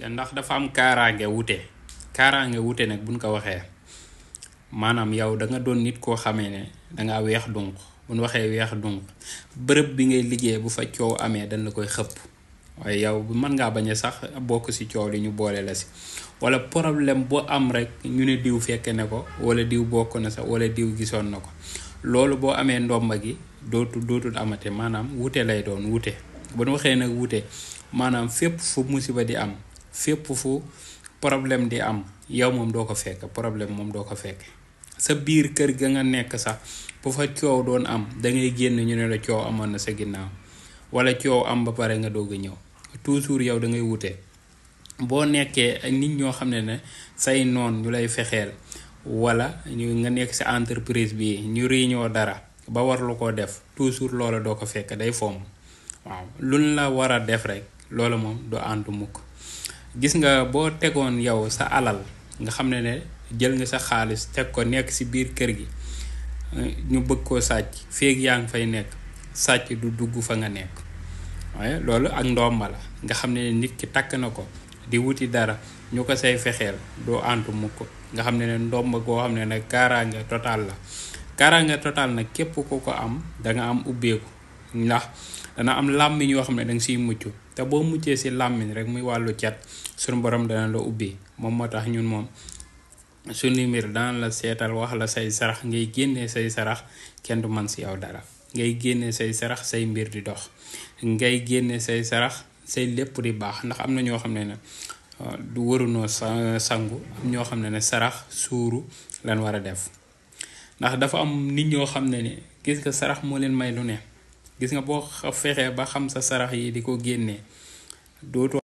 ndax dafa am kaaraange wute kaaraange wute nag bu buñ ko waxee maanaam yow danga doon nit koo xamee ne danga weex dunq buñ waxee weex dunq bërëb bi ngay liggéey bu fa coow amee dañ la koy xëpp waaye yow mën ngaa bañ a sax bokk ci coow li ñu la ci walla problème bu am rek ñu ne diw fekke ne ko walla diw bokk na sax walla diw gisoon na ko loolu boo amee ndomba gi dootul dootul amate maanaam wute lay doon wute bu waxee nag wute maanaam fépp fu musiba di am fépp fu problème di am yow moom doo ko fekk problème moom doo ko fekk sa biir kër ga nga nekk sax bu fa coow doon am dangay génn ñu ne la coow amoon na sa ginnaaw wala coow am ba pare nga doog a ñëw toujours yow da ngay wute boo nekkee nit ñoo xam ne ne say noon ñu lay fexeel wala ñu nga nekk si entreprise bi ñu réunion dara ba war lu ko def toujours loola doo ko fekk day fomm waaw luñ la war a def rek loola moom du àntu mukk gis nga boo tegoon yow sa alal nga xam ne ne jël nga sa xaalis teg ko nekk ci biir kër gi ñu bëgg koo sàcc feeg yaa ngi fay nekk sàcc du dugg fa nga nekk waaye loolu ak ndomba la nga xam ne nit ki takk na ko di wuti dara ñu ko say fexeel doo antu mukk nga xam ne ne ndomba goo xam ne nag kaaraange total la kaaraange total nag képp ku ko am danga am ubbeeku ndax dana am làmmiñ yoo xam ne danga siy mucc te boo muccee si làmmiñ rek muy wàllu cat suñu borom dana la ubbi moom moo tax ñun moom suñu mbir dana la seetal wax la say sarax ngay génnee say sarax kenn du man si yow dara ngay génne say sarax say mbir di dox ngay génne say sarax say lépp di baax ndax am na ñoo xam ne ne euh, du warunoo sangu ñoo xam ne ne sarax suuru lan war a def ndax dafa am nit ñoo xam ne ne gis nga sarax moo leen may lu ne gis nga boo fexee ba xam sa sarax yi di ko génnee dootu